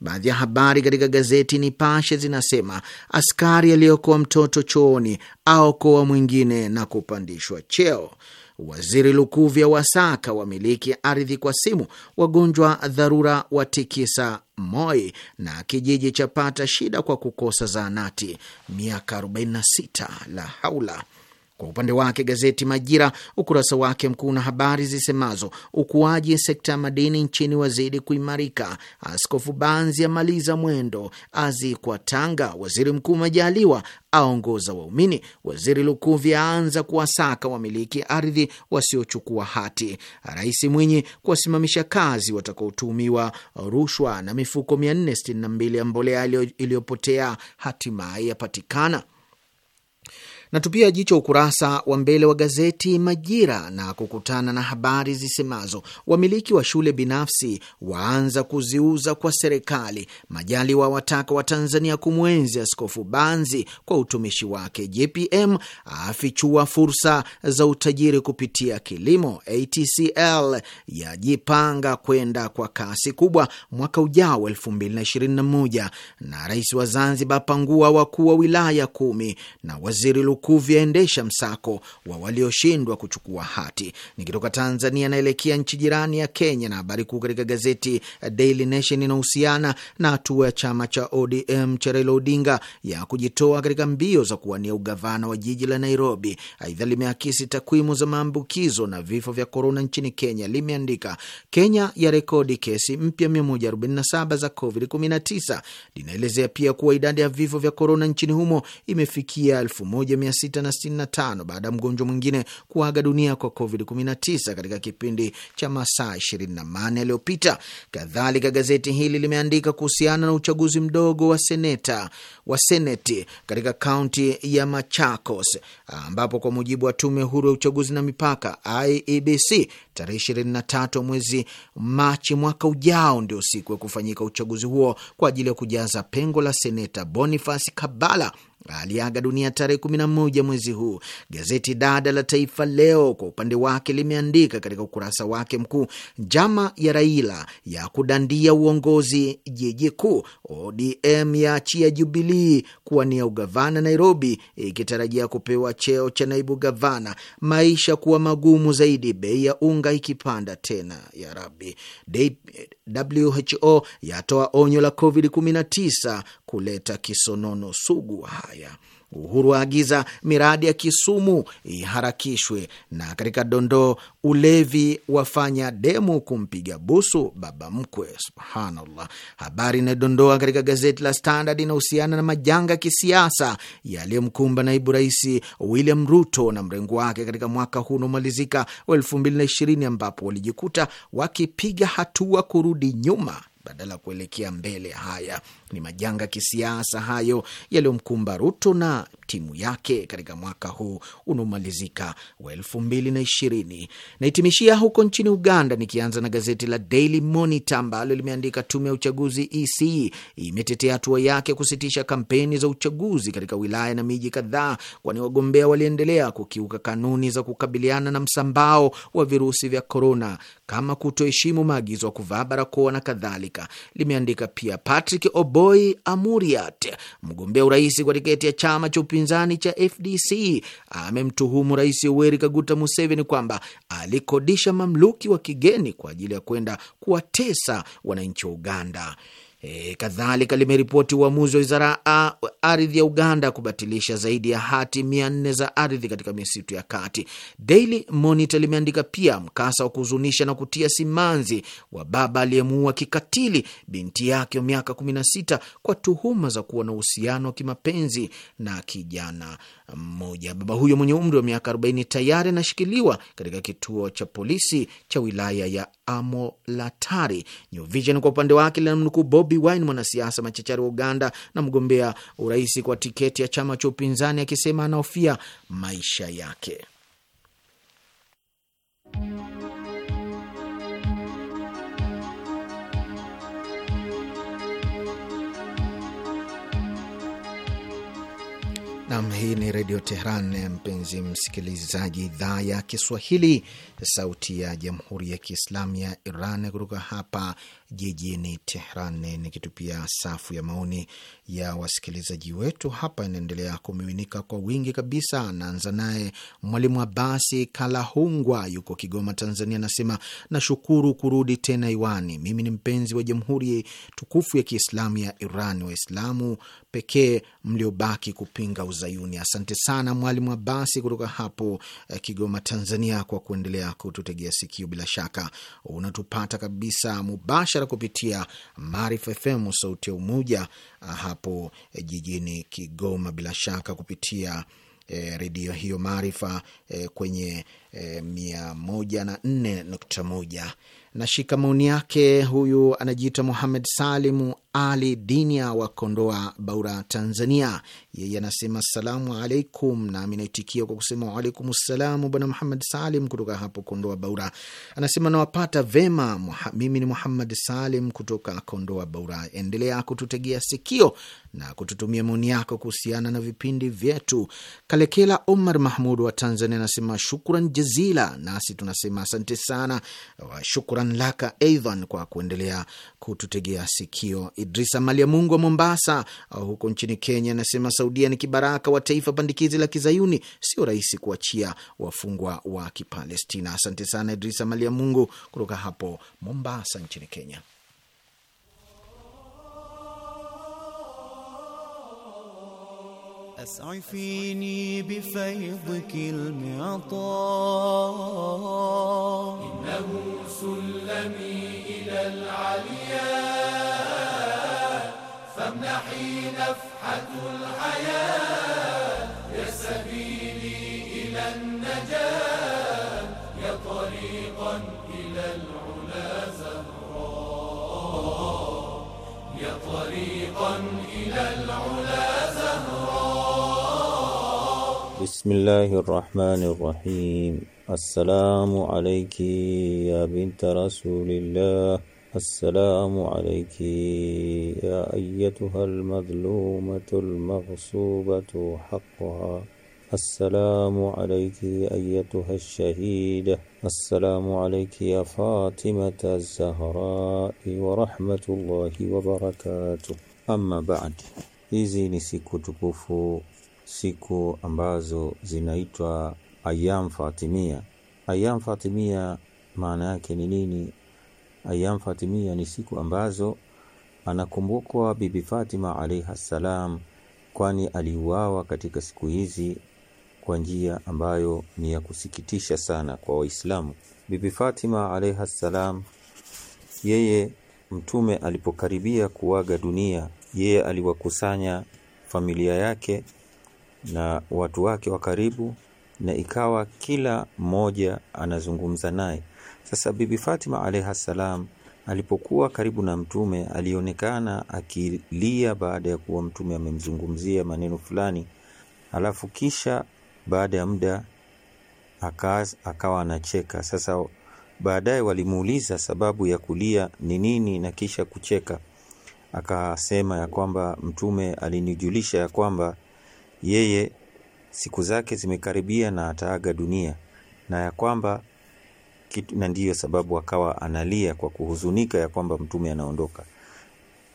Baadhi ya habari katika gazeti Nipashe zinasema askari aliyokuwa mtoto chooni aokoa mwingine na kupandishwa cheo. Waziri lukuvya wasaka wamiliki ardhi kwa simu, wagonjwa dharura watikisa Moi na kijiji chapata shida kwa kukosa zahanati. Miaka 46 la haula. Kwa upande wake gazeti Majira ukurasa wake mkuu na habari zisemazo ukuaji sekta ya madini nchini wazidi kuimarika, Askofu Banzi amaliza mwendo, azikwa Tanga, waziri mkuu Majaliwa aongoza waumini, waziri Lukuvi aanza kuwasaka wamiliki ardhi wasiochukua hati, Rais Mwinyi kuwasimamisha kazi watakaotumiwa rushwa, na mifuko 462 ya mbolea iliyopotea hatimaye yapatikana. Natupia jicho ukurasa wa mbele wa gazeti Majira na kukutana na habari zisemazo wamiliki wa shule binafsi waanza kuziuza kwa serikali. majali wa wataka wa tanzania kumwenzi Askofu Banzi kwa utumishi wake. JPM afichua fursa za utajiri kupitia kilimo. ATCL yajipanga kwenda kwa kasi kubwa mwaka ujao 2021. Na rais wa Zanzibar pangua wakuu wa wilaya kumi na waziri kuviendesha msako wa walioshindwa kuchukua hati. Nikitoka Tanzania naelekea nchi jirani ya Kenya, na habari kuu katika gazeti eh, Daily Nation inahusiana na hatua ya chama cha ODM cha Raila Odinga ya kujitoa katika mbio za kuwania ugavana wa jiji la Nairobi. Aidha, limeakisi takwimu za maambukizo na vifo vya korona nchini Kenya. Limeandika Kenya ya rekodi kesi mpya 147 za COVID-19. Linaelezea pia kuwa idadi ya vifo vya korona nchini humo imefikia 1 665 baada ya mgonjwa mwingine kuaga dunia kwa COVID-19 katika kipindi cha masaa 24 yaliyopita. Kadhalika, gazeti hili limeandika kuhusiana na uchaguzi mdogo wa seneta wa seneti katika kaunti ya Machakos, ambapo kwa mujibu wa tume huru ya uchaguzi na mipaka IEBC, tarehe 23 mwezi Machi mwaka ujao ndio siku ya kufanyika uchaguzi huo kwa ajili ya kujaza pengo la seneta Boniface Kabala aliaga dunia tarehe 11 mwezi huu. Gazeti dada la Taifa Leo kwa upande wake limeandika katika ukurasa wake mkuu, njama ya Raila ya kudandia uongozi jiji kuu, ODM ya achia Jubilii kuwania ugavana Nairobi, ikitarajia kupewa cheo cha naibu gavana, maisha kuwa magumu zaidi, bei ya unga ikipanda tena. Ya rabi WHO yatoa onyo la COVID-19 kuleta kisonono sugu. Haya Uhuru aagiza miradi ya Kisumu iharakishwe, na katika dondoo, ulevi wafanya demu kumpiga busu baba mkwe. Subhanallah. Habari inayodondoa katika gazeti la Standard inahusiana na majanga ya kisiasa yaliyomkumba naibu rais William Ruto na mrengo wake katika mwaka huu unaomalizika wa elfu mbili na ishirini ambapo walijikuta wakipiga hatua kurudi nyuma badala ya kuelekea mbele. Haya ni majanga ya kisiasa hayo yaliyomkumba Ruto na timu yake katika mwaka huu unaomalizika wa elfu mbili na ishirini. naitimishia huko nchini Uganda, nikianza na gazeti la Daily Monitor ambalo limeandika tume ya uchaguzi EC imetetea hatua yake kusitisha kampeni za uchaguzi katika wilaya na miji kadhaa, kwani wagombea waliendelea kukiuka kanuni za kukabiliana na msambao wa virusi vya korona kama kutoheshimu maagizo ya kuvaa barakoa na kadhalika. Limeandika pia Patrick Obo Goi Amuriat, mgombea urais kwa tiketi ya chama cha upinzani cha FDC, amemtuhumu Rais Yoweri Kaguta Museveni kwamba alikodisha mamluki wa kigeni kwa ajili ya kwenda kuwatesa wananchi wa Uganda. E, kadhalika limeripoti uamuzi wa wizara ya ardhi ya Uganda kubatilisha zaidi ya hati mia nne za ardhi katika misitu ya kati. Daily Monitor limeandika pia mkasa wa kuhuzunisha na kutia simanzi wa baba aliyemuua kikatili binti yake wa miaka 16 kwa tuhuma za kuwa na uhusiano wa kimapenzi na kijana mmoja. Baba huyo mwenye umri wa miaka 40 tayari anashikiliwa katika kituo cha polisi cha wilaya ya Amolatari. New Vision kwa upande wake linamnukuu Bobi Wine, mwanasiasa machachari wa Uganda na mgombea urais kwa tiketi ya chama cha upinzani, akisema anahofia maisha yake. Nam, hii ni Redio Tehran, mpenzi msikilizaji, idhaa ya Kiswahili, sauti ya Jamhuri ya Kiislamu ya Iran kutoka hapa jijini Tehran. Nikitupia safu ya maoni ya wasikilizaji wetu hapa, inaendelea kumiminika kwa wingi kabisa. Anaanza naye Mwalimu Abasi Kalahungwa, yuko Kigoma, Tanzania, anasema nashukuru kurudi tena iwani. Mimi ni mpenzi wa Jamhuri tukufu ya Kiislamu ya Iran. Waislamu pekee mliobaki kupinga uzayuni. Asante sana Mwalimu Abasi kutoka hapo eh, Kigoma, Tanzania, kwa kuendelea kututegea sikio. Bila shaka unatupata kabisa mubashara kupitia Maarifa FM, sauti ya Umoja, ah, hapo eh, jijini Kigoma, bila shaka kupitia E, redio hiyo Maarifa e, kwenye e, mia moja na nne nukta moja. Nashika maoni yake, huyu anajiita Muhamed Salimu ali Dinia wa Kondoa Baura, Tanzania. Yeye anasema assalamu alaikum, nami naitikia kwa kusema waalaikum ssalamu. Bwana Muhammad Salim kutoka hapo Kondoa Baura anasema nawapata vema. Mimi ni Muhammad Salim kutoka Kondoa Baura. Endelea kututegea sikio na kututumia maoni yako kuhusiana na vipindi vyetu. Kalekela Omar Mahmud wa Tanzania anasema shukran jazila, nasi tunasema asante sana, shukran laka eidhan kwa kuendelea kututegea sikio. Idrisa Malia Mungu wa Mombasa huko nchini Kenya anasema Saudia ni kibaraka wa taifa pandikizi la Kizayuni, sio rahisi kuachia wafungwa wa Kipalestina. Asante sana Idrisa Malia Mungu kutoka hapo Mombasa nchini Kenya. sulami ila al نفحة الحياة يا سبيلي إلى النجاة يا طريقا إلى العلا زهراء يا طريقا إلى العلا زهراء بسم الله الرحمن الرحيم السلام عليك يا بنت رسول الله السلام عليك يا أيتها المظلومة المغصوبة حقها السلام عليك أيتها الشهيدة السلام عليك يا فاطمة الزهراء ورحمة الله وبركاته أما بعد hizi ni siku سيكو أمبازو زينيتوا أيام فاطمية أيام فاطمية معناها كنينيني Ayam Fatimia ni siku ambazo anakumbukwa Bibi Fatima alayha salam, kwani aliuawa katika siku hizi kwa njia ambayo ni ya kusikitisha sana kwa Waislamu. Bibi Fatima alayha salam, yeye Mtume alipokaribia kuaga dunia, yeye aliwakusanya familia yake na watu wake wa karibu, na ikawa kila mmoja anazungumza naye sasa Bibi Fatima alaihi salam alipokuwa karibu na Mtume alionekana akilia baada ya kuwa Mtume amemzungumzia maneno fulani, alafu kisha baada ya muda akawa anacheka. Sasa baadaye walimuuliza sababu ya kulia ni nini na kisha kucheka, akasema ya kwamba Mtume alinijulisha ya kwamba yeye siku zake zimekaribia na ataaga dunia na ya kwamba kitu, na ndiyo sababu akawa analia kwa kuhuzunika ya kwamba mtume anaondoka.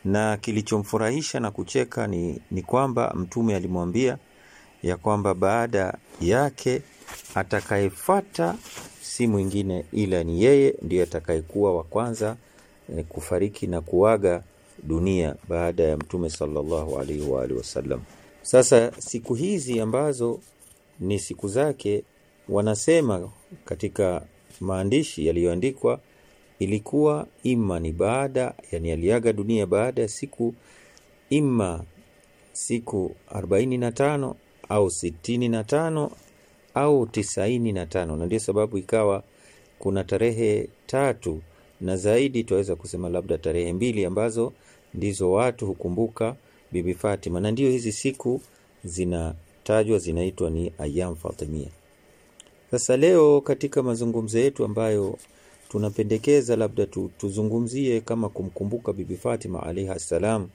Na kilichomfurahisha na kucheka ni, ni kwamba mtume alimwambia ya kwamba baada yake atakayefata si mwingine ila ni yeye ndiye atakayekuwa wa kwanza eh, kufariki na kuaga dunia baada ya mtume sallallahu alaihi wa alihi wasallam. Sasa siku hizi ambazo ni siku zake, wanasema katika maandishi yaliyoandikwa ilikuwa ima ni baada yani aliaga dunia baada ya siku ima siku 45 au 65 au 95 na ndio sababu ikawa kuna tarehe tatu na zaidi tuweza kusema labda tarehe mbili ambazo ndizo watu hukumbuka Bibi Fatima na ndio hizi siku zinatajwa zinaitwa ni Ayam Fatimia. Sasa leo katika mazungumzo yetu ambayo tunapendekeza labda tu, tuzungumzie kama kumkumbuka Bibi Fatima alaihi salam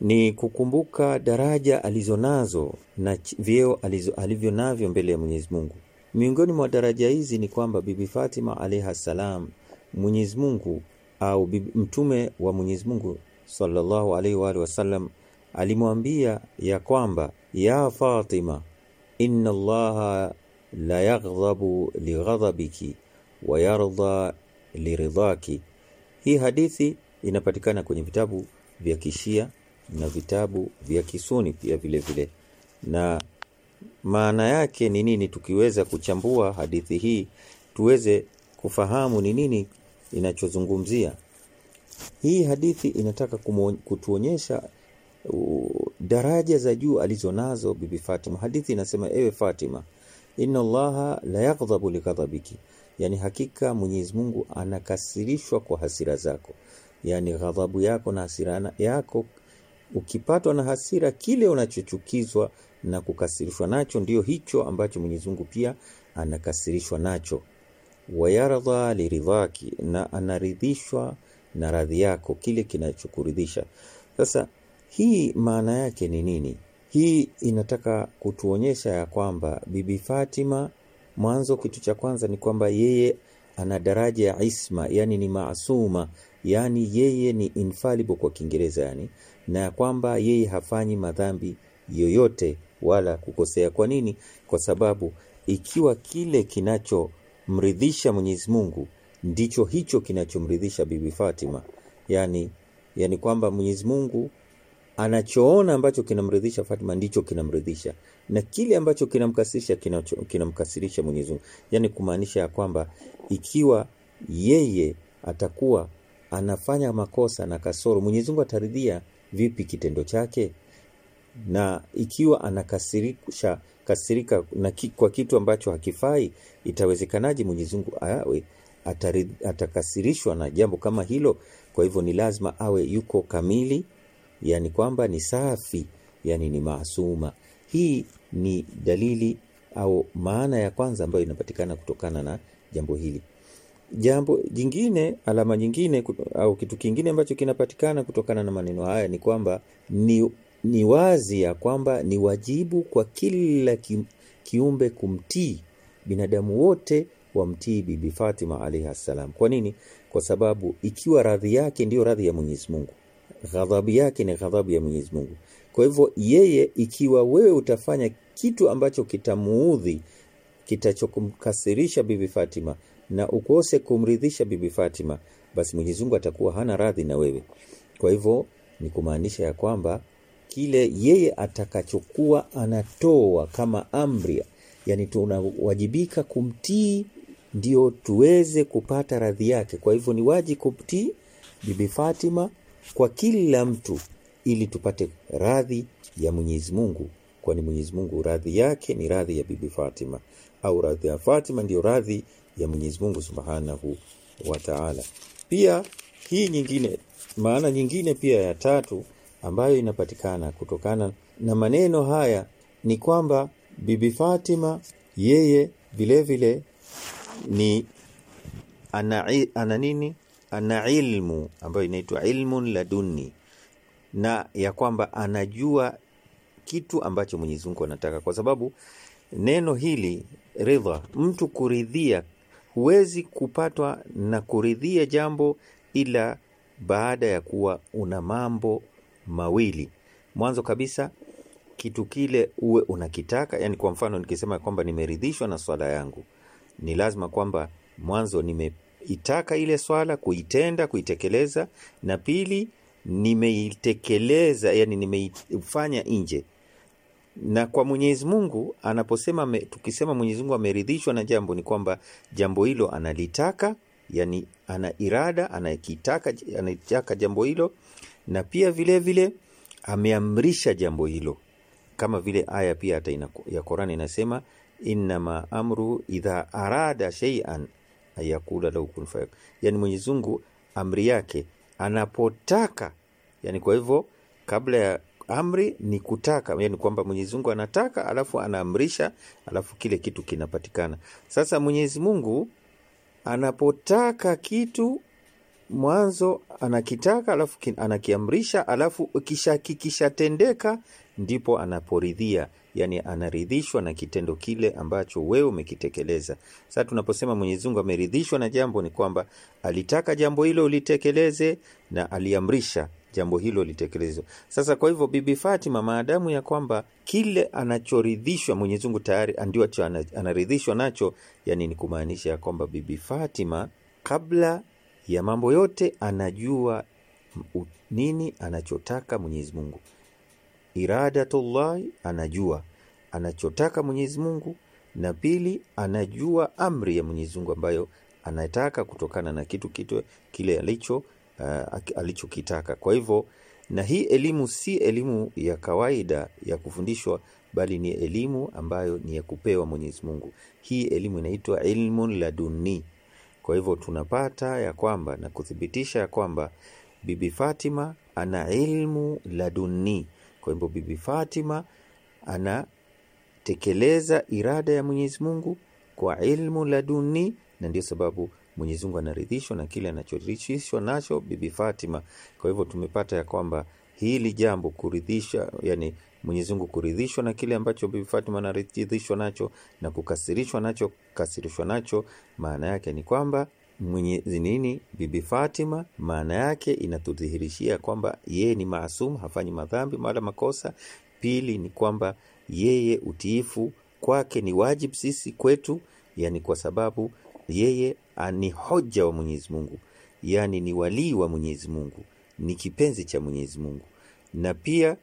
ni kukumbuka daraja alizonazo na vyeo alivyo navyo mbele ya Mwenyezi Mungu. Miongoni mwa daraja hizi ni kwamba Bibi Fatima alaihi salam Mwenyezi Mungu au bibi, mtume wa Mwenyezi Mungu sallallahu alaihi wa alihi alimwambia ya kwamba ya Fatima inna Allaha la yaghdhabu lighadhabiki wa yardha liridhaki. Hii hadithi inapatikana kwenye vitabu vya Kishia na vitabu vya Kisuni pia vile vile, na maana yake ni nini? Tukiweza kuchambua hadithi hii tuweze kufahamu ni nini inachozungumzia. Hii hadithi inataka kutuonyesha daraja za juu alizonazo Bibi Fatima. Hadithi inasema, ewe Fatima inna Allaha la yaghdhabu lighadhabiki, yani hakika Mwenyezi Mungu anakasirishwa kwa hasira zako, yani ghadhabu yako na hasira yako. Ukipatwa na hasira, kile unachochukizwa na kukasirishwa nacho ndiyo hicho ambacho Mwenyezi Mungu pia anakasirishwa nacho. Wayardha liridhaki, na anaridhishwa na radhi yako, kile kinachokuridhisha. Sasa hii maana yake ni nini? Hii inataka kutuonyesha ya kwamba Bibi Fatima mwanzo, kitu cha kwanza ni kwamba yeye ana daraja ya isma, yani ni maasuma, yani yeye ni infallible kwa Kiingereza yani, na kwamba yeye hafanyi madhambi yoyote wala kukosea. Kwa nini? Kwa sababu ikiwa kile kinachomridhisha Mwenyezi Mungu ndicho hicho kinachomridhisha Bibi Fatima, yani yani kwamba Mwenyezi Mungu anachoona ambacho kinamridhisha fatima ndicho kinamridhisha, na kile ambacho kinamkasirisha kinamkasirisha Mwenyezi Mungu. Yani kumaanisha ya kwamba ikiwa yeye atakuwa anafanya makosa na kasoro, Mwenyezi Mungu ataridhia vipi kitendo chake? Na ikiwa anakasirisha kasirika na ki, kwa kitu ambacho hakifai, itawezekanaje Mwenyezi Mungu awe atakasirishwa na jambo kama hilo? Kwa hivyo ni lazima awe yuko kamili yani kwamba ni safi, yani ni maasuma. Hii ni dalili au maana ya kwanza ambayo inapatikana kutokana na jambo hili. Jambo jingine, alama nyingine au kitu kingine ambacho kinapatikana kutokana na maneno haya ni kwamba ni, ni wazi ya kwamba ni wajibu kwa kila ki, kiumbe kumtii, binadamu wote wamtii Bibi Fatima alaihi salam. Kwa nini? Kwa sababu ikiwa radhi yake ndiyo radhi ya Mwenyezi Mungu ghadhabu yake ni ghadhabu ya Mwenyezi Mungu. Kwa hivyo yeye, ikiwa wewe utafanya kitu ambacho kitamuudhi, kitachokumkasirisha Bibi Fatima na ukose kumridhisha Bibi Fatima, basi Mwenyezi Mungu atakuwa hana radhi na wewe. Kwa hivyo ni kumaanisha ya kwamba kile yeye atakachokuwa anatoa kama amri, yani tunawajibika kumtii ndio tuweze kupata radhi yake. Kwa hivyo ni waji kumtii Bibi Fatima kwa kila mtu ili tupate radhi ya Mwenyezi Mungu kwani Mwenyezi Mungu radhi yake ni radhi ya bibi Fatima au radhi ya Fatima ndiyo radhi ya Mwenyezi Mungu Subhanahu wa Ta'ala. Pia hii nyingine maana nyingine pia ya tatu ambayo inapatikana kutokana na maneno haya ni kwamba bibi Fatima yeye vile vile ni ana, ana nini ana ilmu ambayo inaitwa ilmun laduni, na ya kwamba anajua kitu ambacho Mwenyezi Mungu anataka, kwa sababu neno hili ridha, mtu kuridhia, huwezi kupatwa na kuridhia jambo ila baada ya kuwa una mambo mawili. Mwanzo kabisa kitu kile uwe unakitaka, yani kwa mfano nikisema kwamba nimeridhishwa na swala yangu, ni lazima kwamba mwanzo nime nimeitaka ile swala kuitenda, kuitekeleza, na pili nimeitekeleza, yani nimeifanya nje. Na kwa Mwenyezi Mungu anaposema, me, tukisema Mwenyezi Mungu ameridhishwa na jambo, ni kwamba jambo hilo analitaka, yani ana irada, anakitaka, anaitaka jambo hilo, na pia vile vile ameamrisha jambo hilo, kama vile aya pia hata ya Qur'ani inasema, innama amru idha arada shay'an hayakula lau kun fayakun, yani Mwenyezi Mungu amri yake anapotaka. Yani kwa hivyo kabla ya amri ni kutaka, yani kwamba Mwenyezi Mungu anataka alafu anaamrisha alafu kile kitu kinapatikana. Sasa Mwenyezi Mungu anapotaka kitu mwanzo anakitaka alafu anakiamrisha alafu kikishatendeka ndipo anaporidhia yani anaridhishwa na kitendo kile ambacho wewe umekitekeleza. Sasa tunaposema Mwenyezi Mungu ameridhishwa na jambo, ni kwamba alitaka jambo hilo ulitekeleze na aliamrisha jambo hilo litekelezwe. Sasa kwa hivyo, Bibi Fatima, maadamu ya kwamba kile anachoridhishwa mwenyezimungu tayari tayari ndicho anaridhishwa nacho, yani ni kumaanisha ya kwamba Bibi Fatima kabla ya mambo yote anajua nini anachotaka Mwenyezi Mungu. Iradatullahi, anajua anachotaka Mwenyezi Mungu, na pili anajua amri ya Mwenyezi Mungu ambayo anataka kutokana na kitu kitu kile alicho uh, alichokitaka. Kwa hivyo na hii elimu si elimu ya kawaida ya kufundishwa, bali ni elimu ambayo ni ya kupewa Mwenyezi Mungu. Hii elimu inaitwa ilmu laduni. Kwa hivyo tunapata ya kwamba na kuthibitisha ya kwamba Bibi Fatima ana ilmu laduni. Kwa hivyo Bibi Fatima anatekeleza irada ya Mwenyezi Mungu kwa ilmu laduni, na ndio sababu Mwenyezi Mungu anaridhishwa na kile anachoridhishwa nacho Bibi Fatima. Kwa hivyo tumepata ya kwamba hili jambo kuridhisha, yani Mwenyezi Mungu kuridhishwa na kile ambacho Bibi Fatima anaridhishwa nacho na kukasirishwa nacho, kukasirishwa nacho, maana yake ni kwamba Mwenyezi nini Bibi Fatima, maana yake inatudhihirishia kwamba yeye ni maasum, hafanyi madhambi wala makosa. Pili ni kwamba yeye utiifu kwake ni wajibu sisi kwetu, yani kwa sababu yeye ni hoja wa Mwenyezi Mungu, yani ni walii wa Mwenyezi Mungu, ni kipenzi cha Mwenyezi Mungu. Na pia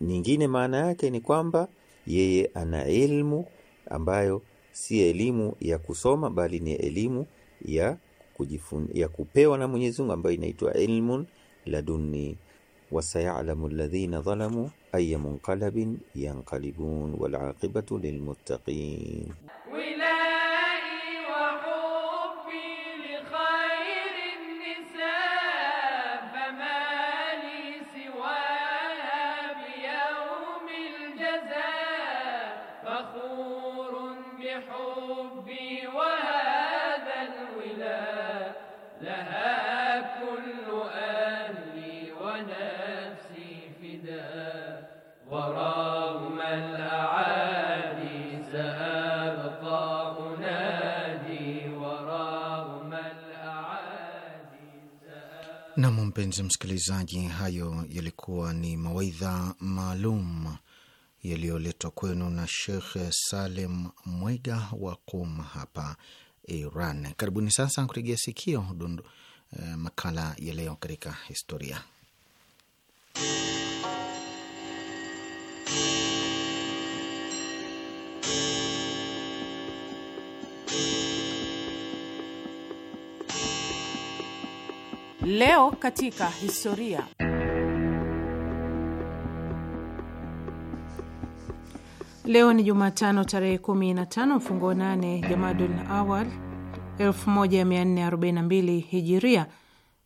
nyingine maana yake ni kwamba yeye ana elimu ambayo si elimu ya kusoma, bali ni elimu ya kujifun, ya kupewa na Mwenyezi Mungu ambayo inaitwa ilmun laduni wasayalamu alladhina zalamu ayyamun munqalabin yanqalibun wal aqibatu lilmuttaqin Nam, mpenzi msikilizaji, hayo yalikuwa ni mawaidha maalum yaliyoletwa kwenu na Shekh Salim Mwega wa Qum hapa Iran. Karibuni sasa kutegea sikio dundu, eh, makala ya leo katika historia Leo katika historia. Leo ni Jumatano tarehe 15 mfungo nane Jamadul Awal 1442 Hijiria,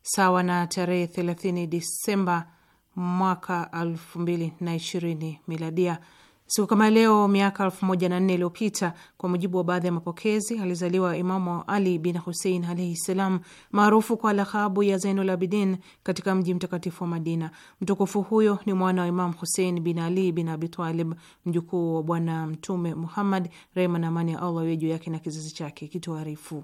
sawa na tarehe 30 Disemba mwaka 2020 Miladia. Siku kama leo miaka elfu moja na nne iliyopita kwa mujibu wa baadhi ya mapokezi, alizaliwa Imamu Ali bin Husein alaihi ssalam, maarufu kwa lakhabu ya Zainul Abidin, katika mji mtakatifu wa Madina. Mtukufu huyo ni mwana wa Imamu Husein bin Ali bin Abitalib, mjukuu wa Bwana Mtume Muhammad, rehma na amani ya Allah iwe juu yake na kizazi chake kitoarifu.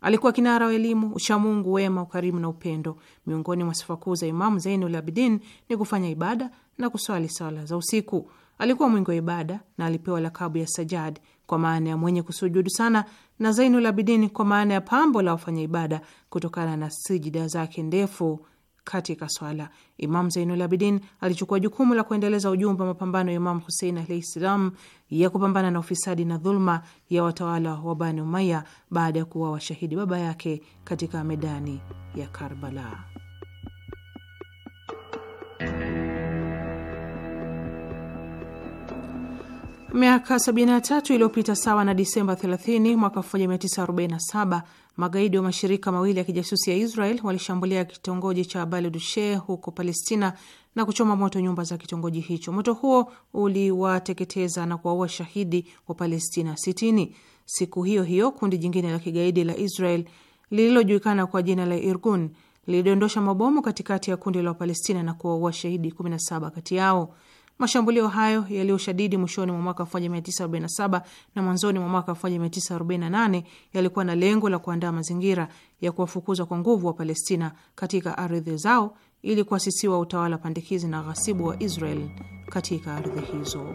Alikuwa kinara wa elimu, uchamungu, wema, ukarimu na upendo. Miongoni mwa sifa kuu za Imamu Zainul Abidin ni kufanya ibada na kuswali sala za usiku. Alikuwa mwingi wa ibada na alipewa lakabu ya Sajadi kwa maana ya mwenye kusujudu sana, na Zainul Abidin kwa maana ya pambo la wafanya ibada kutokana na sijida zake ndefu katika swala. Imam Zainul Abidin alichukua jukumu la kuendeleza ujumbe wa mapambano ya Imam Husein alahi ssalam ya kupambana na ufisadi na dhuluma ya watawala wa Bani Umaya baada ya kuwa washahidi baba yake katika medani ya Karbala. Miaka 73 iliyopita sawa na Disemba 30 mwaka 1947, magaidi wa mashirika mawili ya kijasusi ya Israel walishambulia kitongoji cha Baledushe huko Palestina na kuchoma moto nyumba za kitongoji hicho. Moto huo uliwateketeza na kuwaua shahidi wa Palestina 60. Siku hiyo hiyo kundi jingine la kigaidi la Israel lililojulikana kwa jina la Irgun lilidondosha mabomu katikati ya kundi la Wapalestina na kuwaua shahidi 17 kati yao. Mashambulio hayo yaliyoshadidi mwishoni mwa mwaka 1947 na mwanzoni mwa mwaka 1948 yalikuwa na lengo la kuandaa mazingira ya kuwafukuza kwa nguvu wa Palestina katika ardhi zao ili kuasisiwa utawala pandikizi na ghasibu wa Israel katika ardhi hizo.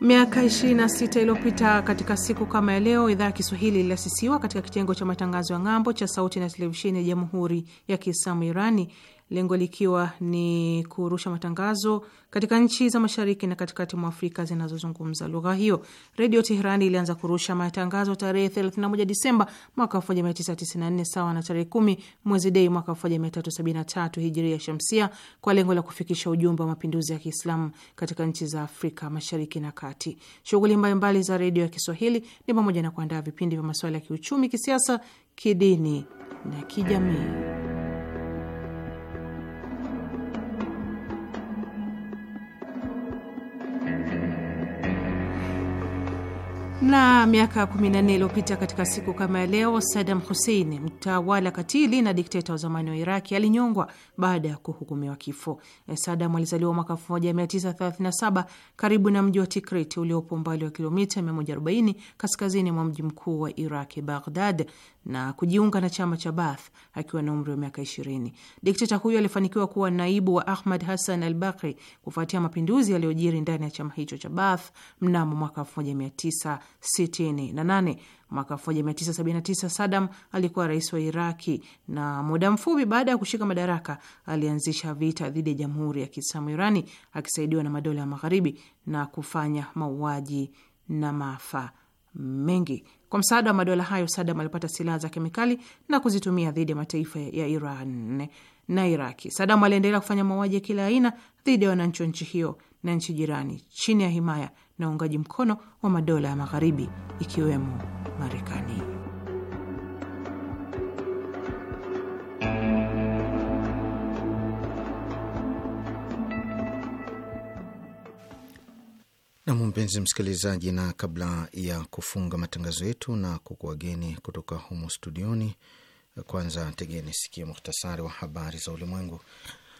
Miaka 26 iliyopita katika siku kama ya leo, idhaa ya Kiswahili iliasisiwa katika kitengo cha matangazo ya ng'ambo cha Sauti na Televisheni ya Jamhuri ya Kiislamu Irani lengo likiwa ni kurusha matangazo katika nchi za mashariki na katikati mwa Afrika zinazozungumza lugha hiyo. Redio Teherani ilianza kurusha matangazo tarehe 31 Disemba mwaka 1994 sawa na tarehe 10 mwezi Dei mwaka 1373 hijiri ya shamsia kwa lengo la kufikisha ujumbe wa mapinduzi ya Kiislamu katika nchi za Afrika mashariki na kati. Shughuli mbalimbali za redio ya Kiswahili ni pamoja na kuandaa vipindi vya masuala ya kiuchumi, kisiasa, kidini na kijamii. Na miaka 14 iliyopita katika siku kama ya leo, Saddam Hussein, mtawala katili na dikteta wa zamani wa Iraki, alinyongwa baada ya kuhukumiwa kifo. E, Saddam alizaliwa mwaka 1937 karibu na mji wa Tikrit uliopo umbali wa kilomita 140 kaskazini mwa mji mkuu wa Iraki, Baghdad, na kujiunga na chama cha Baath akiwa na umri wa miaka 20. Dikteta huyo alifanikiwa kuwa naibu wa Ahmad Hassan al Bakri kufuatia mapinduzi yaliyojiri ndani ya chama hicho cha Baath mnamo mwaka 19 68. Mwaka 1979 Sadam alikuwa rais wa Iraki na muda mfupi baada ya kushika madaraka alianzisha vita dhidi ya jamhuri ya Kiislamu Irani akisaidiwa na madola ya Magharibi na kufanya mauaji na maafa mengi. Kwa msaada wa madola hayo, Sadam alipata silaha za kemikali na kuzitumia dhidi ya mataifa ya Iran na Iraki. Sadam aliendelea kufanya mauaji ya kila aina dhidi ya wananchi wa nchi hiyo na nchi jirani chini ya himaya na uungaji mkono wa madola ya Magharibi ikiwemo Marekani. Nam, mpenzi msikilizaji, na kabla ya kufunga matangazo yetu na kukuwageni kutoka humo studioni, kwanza tegeni sikia muhtasari wa habari za ulimwengu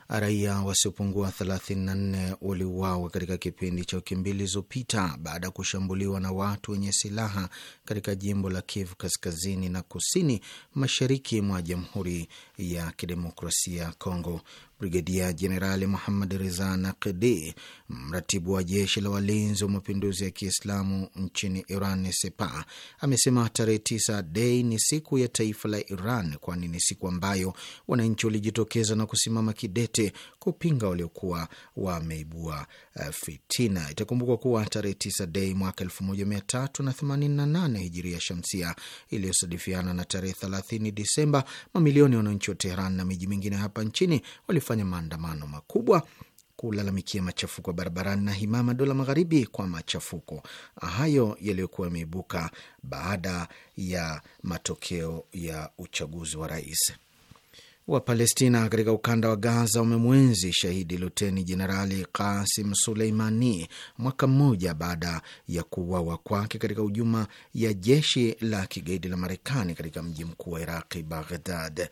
raia wasiopungua 34 waliuawa katika kipindi cha wiki mbili zilizopita baada ya kushambuliwa na watu wenye silaha katika jimbo la Kivu kaskazini na kusini mashariki mwa Jamhuri ya Kidemokrasia ya Kongo. Brigedia Jenerali Muhammad Reza Naqdi, mratibu wa jeshi la walinzi wa mapinduzi ya Kiislamu nchini Iran, sepa amesema tarehe 9 Dei ni siku ya taifa la Iran, kwani ni siku ambayo wananchi walijitokeza na kusimama kidete kupinga waliokuwa wameibua eh, fitina. Itakumbukwa kuwa tarehe tisa Dei mwaka 1388 Hijiria Shamsia, iliyosadifiana na tarehe thelathini Disemba, mamilioni ya wananchi wa Teheran na miji mingine hapa nchini wali wamefanya maandamano makubwa kulalamikia machafuko barabarani na himaya madola magharibi kwa machafuko hayo yaliyokuwa yameibuka baada ya matokeo ya uchaguzi wa rais. Wapalestina katika ukanda wa Gaza umemwenzi shahidi luteni jenerali Kasim Suleimani mwaka mmoja baada ya kuuawa kwake katika hujuma ya jeshi la kigaidi la Marekani katika mji mkuu wa Iraqi, Baghdad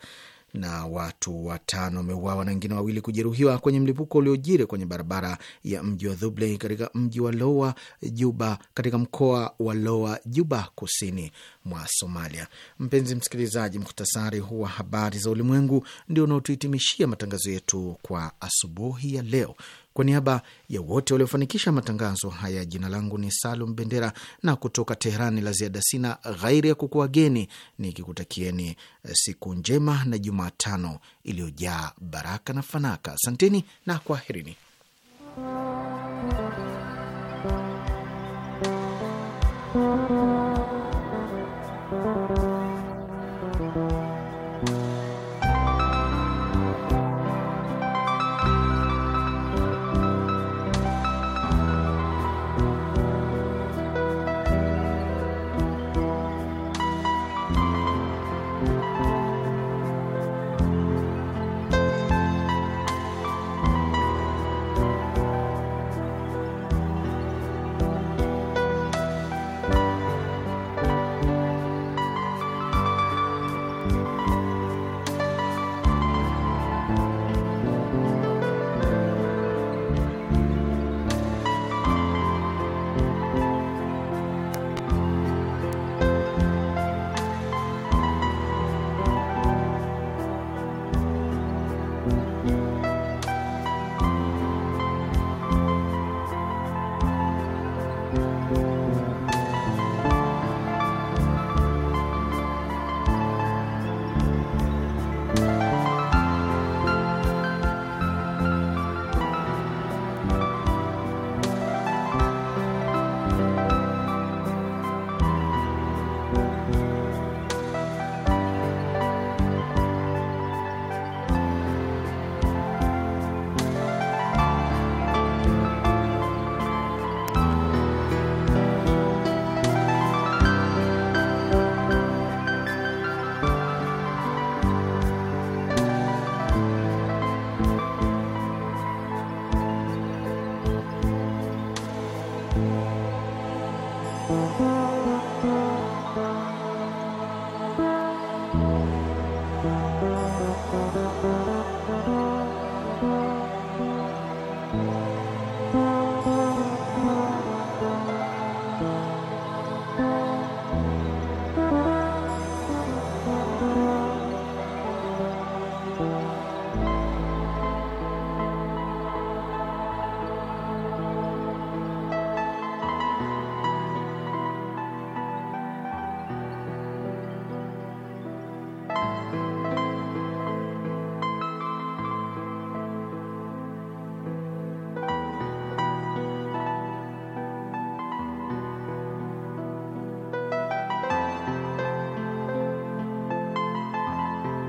na watu watano wameuawa na wengine wawili kujeruhiwa kwenye mlipuko uliojiri kwenye barabara ya mji wa Dhubley katika mji wa Lowa Juba katika mkoa wa Lowa Juba kusini mwa Somalia. Mpenzi msikilizaji, muhtasari huu wa habari za ulimwengu ndio unaotuhitimishia matangazo yetu kwa asubuhi ya leo. Kwa niaba ya wote waliofanikisha matangazo haya, jina langu ni Salum Bendera na kutoka Teherani la ziada sina ghairi ya kukuageni nikikutakieni siku njema na Jumatano iliyojaa baraka na fanaka. Asanteni na kwaherini.